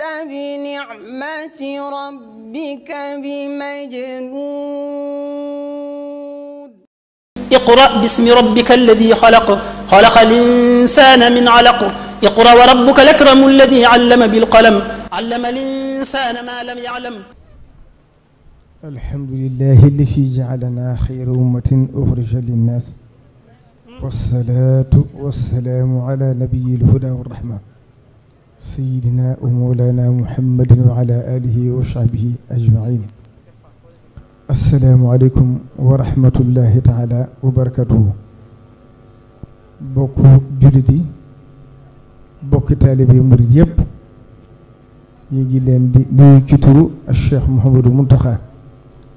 بنعمة ربك بمجنون اقرأ باسم ربك الذي خلق خلق الإنسان من علق اقرأ وربك الأكرم الذي علم بالقلم علم الإنسان ما لم يعلم الحمد لله الذي جعلنا خير أمة أخرج للناس والصلاة والسلام على نبي الهدى والرحمة sayyidina wa mawlana muhammadin wa ala alihi wa sahbihi ajmain assalaamu aleykum wa rahmatullahi taala wa barakatuhu bokku jullit yi bokki taalibe murit yépp ñu ngi leen di nuyu ci turu Cheikh Mouhamadou Mountakha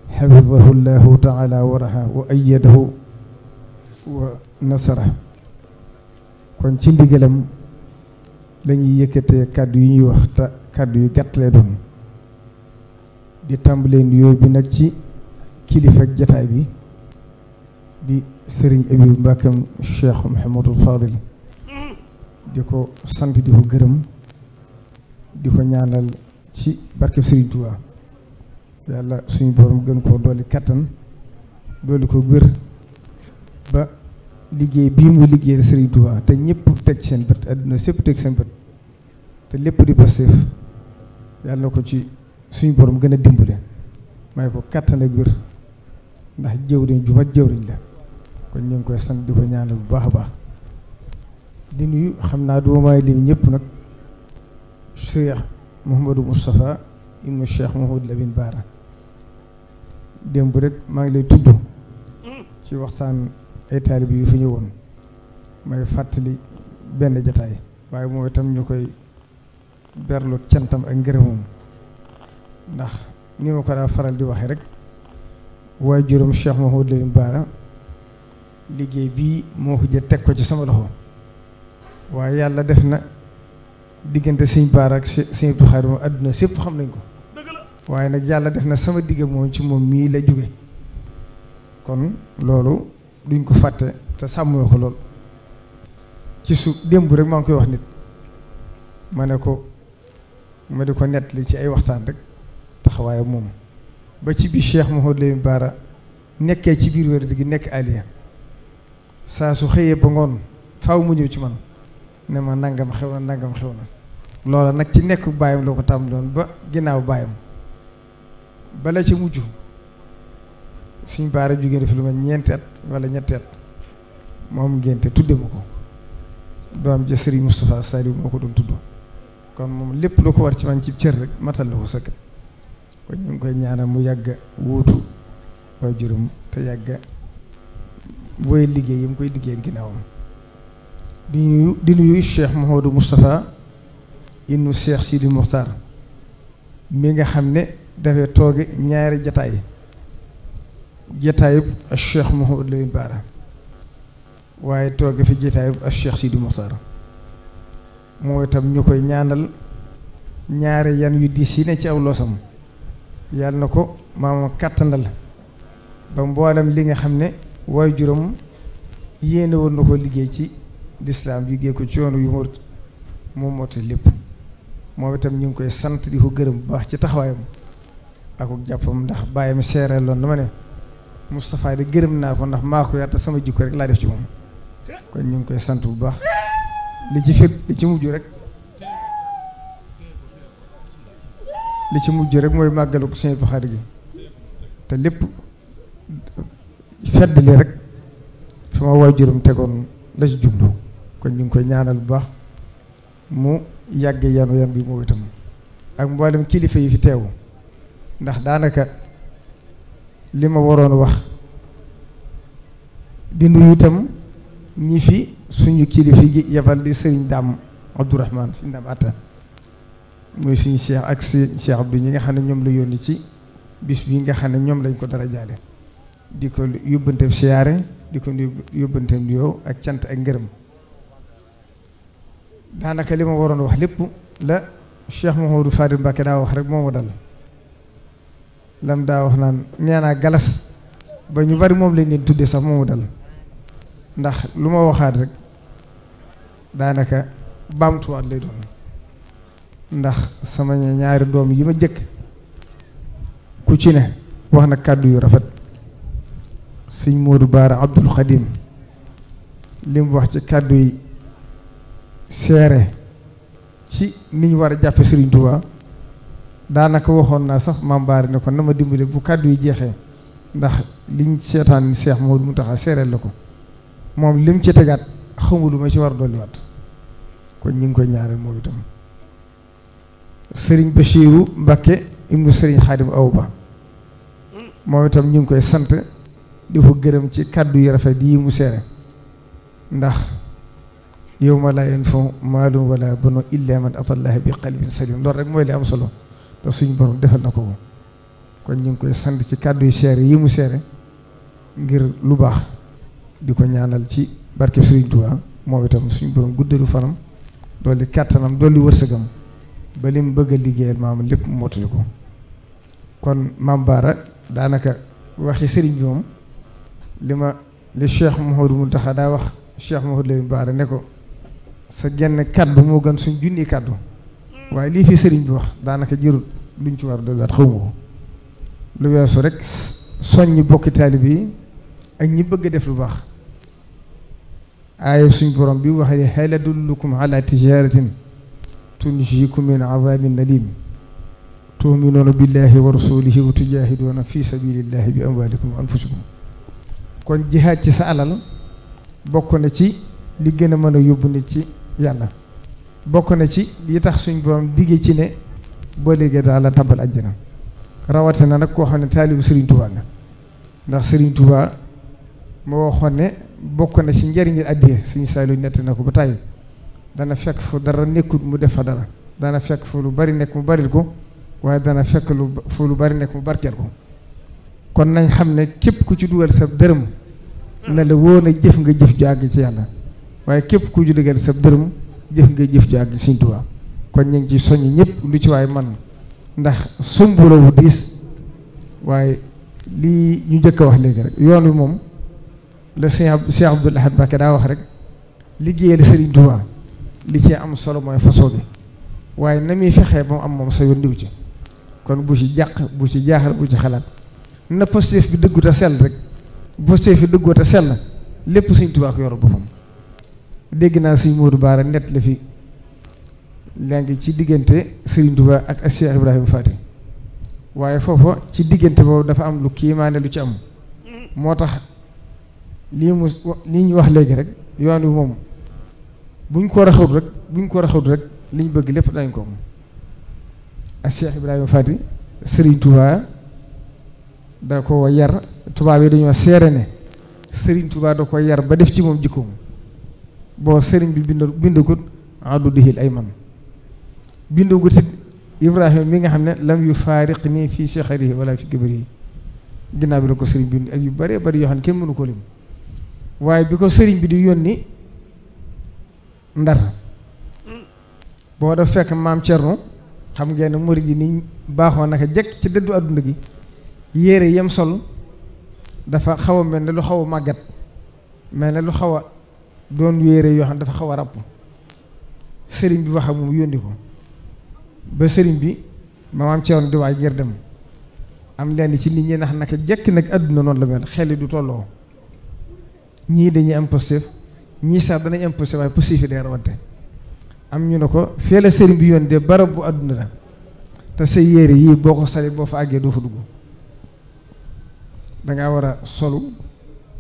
xafidahu llahu taala waraha wa ayyadahu wa nasara kon ci ndigalam lañuy yëkkatee kàddu yu ñuy wax te kàddu yu gàtt lay doon di tàmbalee nuyoo bi nag ci kilifa ak jataay bi di sëriñ Abibu Mbàkkam Cheikh Mouhamadul Fadil di ko sant di ko gërëm di ko ñaanal ci barkeb sëriñ Tuubaa yàlla suñu borom gën koo dolli kàttan dolli ko gër ba liggéey bii mu liggéeyal sëriñ Tuubaa te ñëpp teg seen bët àdduna sépp teg seen bët te lépp di Pastef yàlla na ko ci suñu borom gën a dimbale may ko kattan ak ndax jëwriñ ju jëwriñ la kon ñu ngi koy sant di ko ñaanal bu baax a baax di nuyu xam naa duma may lim ñëpp nag Cheikh Mouhamadou Moustapha ibnu Cheikh Mouhamadou Lamine Bara démb rek maa ngi lay tudd ci waxtaan ay taalib yu fi ñëwoon may fàttali benn jataay waaye moom itam ñu koy berlu cantam ak ngërëmam ndax ni ma ko daa faral di waxe rek waaye juróom Cheikh Mahmoud Lamine Bara liggéey bii moo ko jël teg ko ci sama loxo waaye yàlla def na diggante Sëñ Bara ak Sëñ Buxaari moom àdduna sépp xam nañ ko waaye nag yàlla def na sama digg moom ci moom mii la jóge kon loolu duñ ko fàtte te sàmmoo ko lool ci su démb rek maa ngi koy wax nit ma ne ko ma di ko nettali ci ay waxtaan rek taxawaayu moom ba ci bi Cheikh Mouhamadou Lamine Bara nekkee ci biir wér gi nekk aliya saa su xëyee ba ngoon faaw mu ñëw ci man ne ma nangam xew na nangam xew na loola nag ci nekk baayam loo ko tam doon ba ginnaaw baayam bala ci mujj suñ baara jógee def lu ma ñeenti at wala ñetti moom ngénte tudde ma ko doom ja Sëriñ Moustapha Saliou moo ko doon tudd kon moom lépp lu ko war ci man ci cër rek matal la ko sëkk kon ñu ngi koy ñaanal mu yàgg wuutu waa juróom te yàgg booy liggéey yi mu koy liggéeyal ginnaawam di nuyu di nuyu Cheikh Mouhamadou Moustapha innu Cheikh Sidi mi nga xam ne dafay tooge ñaari jataay jataayub ak Cheikh Mouhamadou Lamine Bara waaye tooge fi jataayub ak Cheikh Sidi Moukhtar moo itam ñu koy ñaanal ñaari yan yu diis yi ne ci aw loosam yàlla na ko maamam kàttandal ba mboolem li nga xam ne waaye juróom yéene woon na ko liggéey ci lislaam liggéey ko ci yoonu yu mu moom moo tax lépp moom itam ñu ngi koy sant di ko gërëm bu baax ci taxawaayam ak jàppam ndax bàyyam seeree loon ma ne Moustapha de gërëm naa ko ndax maa ko yar te sama jikko rek laa def ci moom kon ñu ngi koy sant bu baax li ci fir li ci mujj rek li ci mujj rek mooy màggalu ko Sëñ Baxaar gi te lépp fedd li rek fi ma waajuram tegoon la ci jublu kon ñu ngi koy ñaanal bu baax mu yàgg yanu yan bi moo itam ak mboolem kilifa yi fi teewu ndax daanaka li ma waroon wax di nuyu itam ñi fi suñu kilifi gi yebal di sëriñ daam abdourahman sëriñ daam atta muy suñu cheikh ak seen cheikh abdou ñi nga xam ne ñoom la yónni ci bis bi nga xam ne ñoom lañ ko dara jaale di ko yóbbanteem siyaare di ko yóbbanteem nuyoo ak cant ak ngërëm daanaka li ma waroon wax lépp la cheikh mahamadou fadil mbàkke daa wax rek moo ma dal lam daa wax naan nee naa galas ba ñu bari moom lañ ngeen tuddee sax moo ma dal ndax lu ma waxaat rek daanaka baamtuwaat lay doon ndax sama ñaari doom yi ma jëkk ku ci ne wax na kàddu yu rafet sëñ Modou Baara Abdul Xadim li mu wax ci kàddu yi seere ci ni ñu war a jàppe Serigne Touba daanaka waxoon naa sax maam Baara ne ko na ma dimbale bu kàddu yi jeexee ndax liñ seetaan moo Modou mu tax a seereel la ko. moom lim ci tegaat xamu lu ma ci war a dolliwaat kon ñu ngi koy ñaareel moom itam sëriñ Bachiru Mbakke ibnu sëriñ Xaadim Awa Ba moom itam ñu ngi koy sant di ko gërëm ci kàddu yi rafet yi mu seere ndax yow ma laa yanfa maalum wala banu illa man atallaha bi qalbin salim loolu rek mooy li am solo te suñ borom defal na ko ko kon ñu ngi koy sant ci kàddu yu seere yi mu seere ngir lu baax di ko ñaanal ci barke Serigne Touba moom itam suñu borom guddalu fanam di kàttanam dolli wërsëgam ba li mu bëgg a liggéeyal maam lépp mottali ko kon maam Baara daanaka waxi Serigne bi moom li ma li Cheikh mu tax daa wax Cheikh Mouhamadou Lamine Baara ne ko sa genn kaddu moo gën suñ junni kaddu waaye lii fi Serigne bi wax daanaka jërul luñ ci war a dolliwaat xaw ma lu weesu rek soññi bokki taalib yi. ak ñi bëgg def lu baax aaya suñ borom bi wax ne hal adullukum ala tijaratin tunjikum min azabin alim tuminuuna billahi wa rasulihi wa tujahiduuna fi sabilillahi bi amwalikum wa anfusikum kon jihaad ci sa alal bokk na ci li gën a mën a yóbbu nit ci yàlla bokk na ci li tax suñ borom digge ci ne boo léegi daal la tabal àjjana rawatina nag koo xam ne taalibu Serigne Touba nga ndax Serigne Touba moo waxoon ne bokk na ci njariñi addiya suñu saa lu nett na ko ba tàyyi dana fekk fu dara nekkut mu def fa dara dana fekk fu lu bari nekk mu baril ko waaye dana fekk lu lu bari nekk mu barkeel ko kon nañ xam ne képp ku ci dugal sab dërëm na la woon a jëf nga jëf ju àgg ci yàlla waaye képp ku ci dugal sa dërëm jëf nga jëf ju àgg Sëriñ Tuubaa kon ñu ngi ci soññ ñëpp lu ci waay man ndax sumb la wu diis waaye lii ñu njëkk wax léegi rek yoon wi moom la Cheikh Cheikh Abdoul Ahad Mbacké daa wax rek liggéeyal Serigne Touba li ci am solo mooy façon bi waaye na muy fexee ba mu am moom sa yoon ndiw ci kon bu ci jàq bu ci jaaxal bu ci xalaat na postéef bi dëggu a sell rek postéef bi dëggoo te sell lépp Serigne Touba ko yoru boppam dégg naa Serigne Modou Bara nett la fi léegi ci diggante Serigne Touba ak Cheikh Ibrahima Faty waaye foofu ci diggante boobu dafa am lu kiimaane lu ci am moo tax lii mu lii ñu wax léegi rek yoon wi moom buñ ko raxut rek buñ ko raxut rek liñ bëgg lépp dañ ko am ak Cheikh Ibrahima Fati Serigne Touba da ko yar tubaab yi dañoo seere ne Serigne Touba da ko yar ba def ci moom jikkoom boo sëriñ bi bind bindagut addu dihil ay man bindagut it Ibrahima mi nga xam ne lam yu faariq nii fii yi wala fi kibrihi ginnaaw bi da ko Serigne bind ak yu bare bëri yoo xam ne kenn mënu ko lim. waaye bi ko sëriñ bi di yónni ndar boo def fekk maam Cerno xam ngeen ne murid yi ni baaxoo naka jekk ci dëddu àdduna gi yére yem sol dafa xaw mel ne lu xaw a màggat mel ne lu xaw a doon yére yoo xam ne dafa xaw a ràpp sëriñ bi wax ak moom yónni ko ba sëriñ bi maam Cerno di waaj ngir dem am lenn ci nit ñi nax naka jekk nag àdduna noonu la mel xel yi du tolloo ñii dañuy am positif ñii sax danañ am positif waaye positif yi day rawante am ñu ne ko fee la sëriñ bi yoon de barab bu àdduna la te sa yére yii boo ko sali boo fa àggee doo fa dugg dangaa war a solu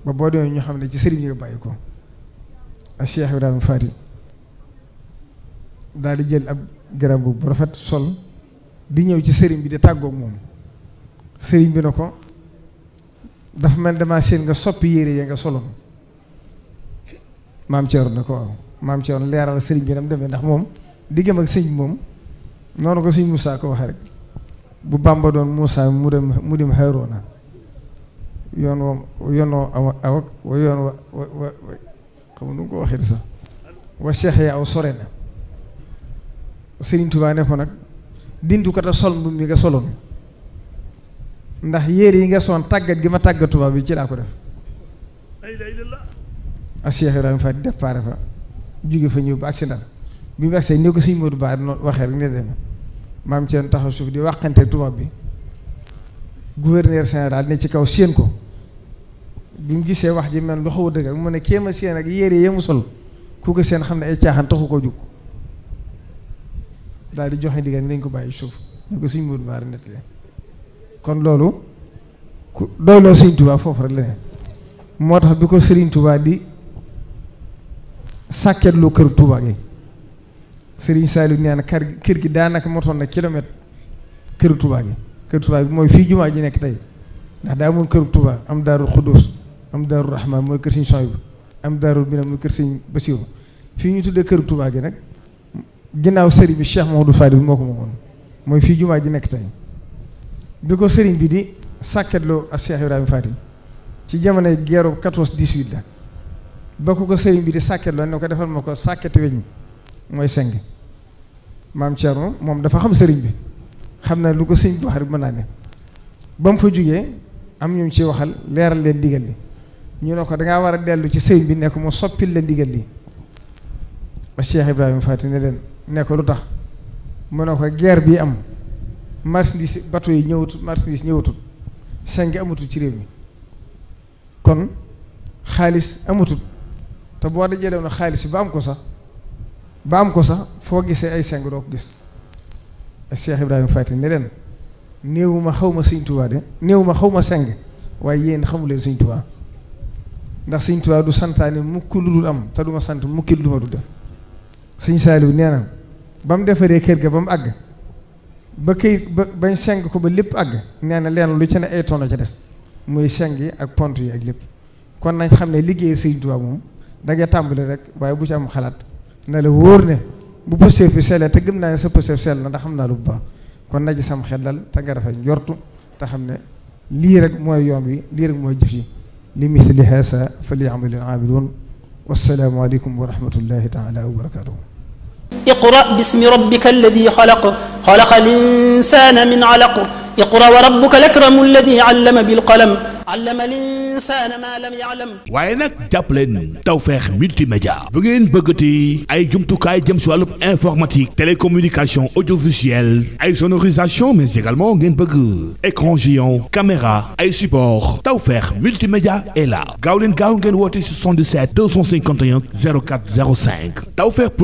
ba boo demee ñu xam ne ci sëriñ bi nga bàyyi ko ak Cheikh Ibrahima Fati daal di jël ab garab bu rafet sol di ñëw ci sëriñ bi di tàggoog moom sëriñ bi ne ko dafa mel dama seen nga soppi yére yee nga soloon maam Thierno ne ko leeral sëriñ bi nam demee ndax moom di gëm ak sëñ moom noonu ko sëñ Moussa ko waxee rek bu Bàmba doon Moussa mu dem mu dem Harouna yoon woo yoon woo awa awa wa yoon wa wa wa xam nu ko waxee sax wa Cheikh aw sore na sëriñ Touba ne ko nag dindu ko te sol mbubb mi nga soloon ndax yére yi nga soon tàggat gi ma tàggat tubaab bi ci laa ko def ak Cheikh Ibrahima Fall départ fa jóge fa ñëw ba ak si ndar bi mu agsee ni ko sëñ Modou Ba noonu waxee rek ne demee maam seen taxa suuf di waxante tubaab bi gouverneur général ne ci kaw séen ko bi mu gisee wax ji mel lu xaw a dëgër mu ne kéema séen ak yére yemu sol ku ko seen xam ne ay caaxaan taxu ko jóg joxe ndigal nañ ko bàyyi suuf ñu ko sëñ Modou Ba kon loolu ku doyloo sëñ Touba foofu rek la moo tax bi ko sëriñ Touba di. sàkketloo kër Touba gi Serigne Saliou nee na kër kër gi daanaka motoon na kilomètre kër Touba gi kër gi mooy fii jumaa ji nekk tey ndax daa amoon kër Touba am daarul Xudus am daarul Rahman mooy kër Serigne Souhaïbou am daarul Minam mooy kër si Serigne Bassirou fii ñu tuddee kër Touba gi nag ginnaaw Serigne bi Cheikh Mamadou bi moo ko moomoon mooy fii jumaa ji nekk tey bi ko sëriñ bi di sàkketloo ak Cheikh Ibrahima Fadil ci jamonoy guerre 14 18 la. bokk ko ko sëriñ bi di sàkket loon ne ko defal ma ko sàkketi weñ mooy seng maam Thierno moom dafa xam sëriñ bi xam na lu ko sëriñ bi mën naa ne ba mu fa jógee am ñu ci waxal leeral leen digal li ñu ne ko dangaa war a dellu ci sëriñ bi nekk mu soppil leen digal li ba Cheikh Ibrahima Fati ne leen ne ko lu tax mu ne ko guerre bi am marchandise bateau yi ñëwatul marchandise ñëwatul seng amatul ci réew mi kon xaalis amatul te boo dajalee na xaalis ba am ko sax ba am ko sax foo gisee ay seng doo ko gis Cheikh Ibrahima Faty ne leen néew ma xaw ma Sëñ Tuubaa de néew ma xaw ma seng waaye yéen xamuleen Sëñ Tuubaa ndax Sëñ Tuubaa du santaane mukk lu dul am te du ma sant mukki lu ma du def Sëñ Saaliw nee na ba mu defaree kër ga ba mu àgg ba këy ba bañ seng ko ba lépp àgg nee na leen lu ci ne ay tono ca des muy seng yi ak pont yi ak lépp kon nañ xam ne liggéey Sëñ Tuubaa moom dangay tàmbali rek waaye bu ci am xalaat na la wóor ne bu pëstéef bi sellee te gëm naa ne sa pëstéef sell na ndax naa lu bu baax kon na ci sam xel dal te nga rafet njortu te xam ne lii rek mooy yoon wi lii rek mooy jëf yi li misli haasa falyaamalil aamiluun wassalaamu aleykum wa rahmatullahi taala wa barakaatuhu iqra bismi rabbika alladi xalaq xalaqa al insaana min alaq iqra wa rabbuka lakramu alladi allama bil qalam allama al-insana ma lam ya'lam waaye nag jàppaleen Tawfekh multimédia bu ngeen bëggati ay jumtukaay jëm si wàllu informatique télécommunication audiovisuelle ay sonorisation mais également ngeen bëgg écran géant caméra ay support Tawfekh multimédia est là gaaw leen gaaw ngeen woote 77 251 04 05 Tawfekh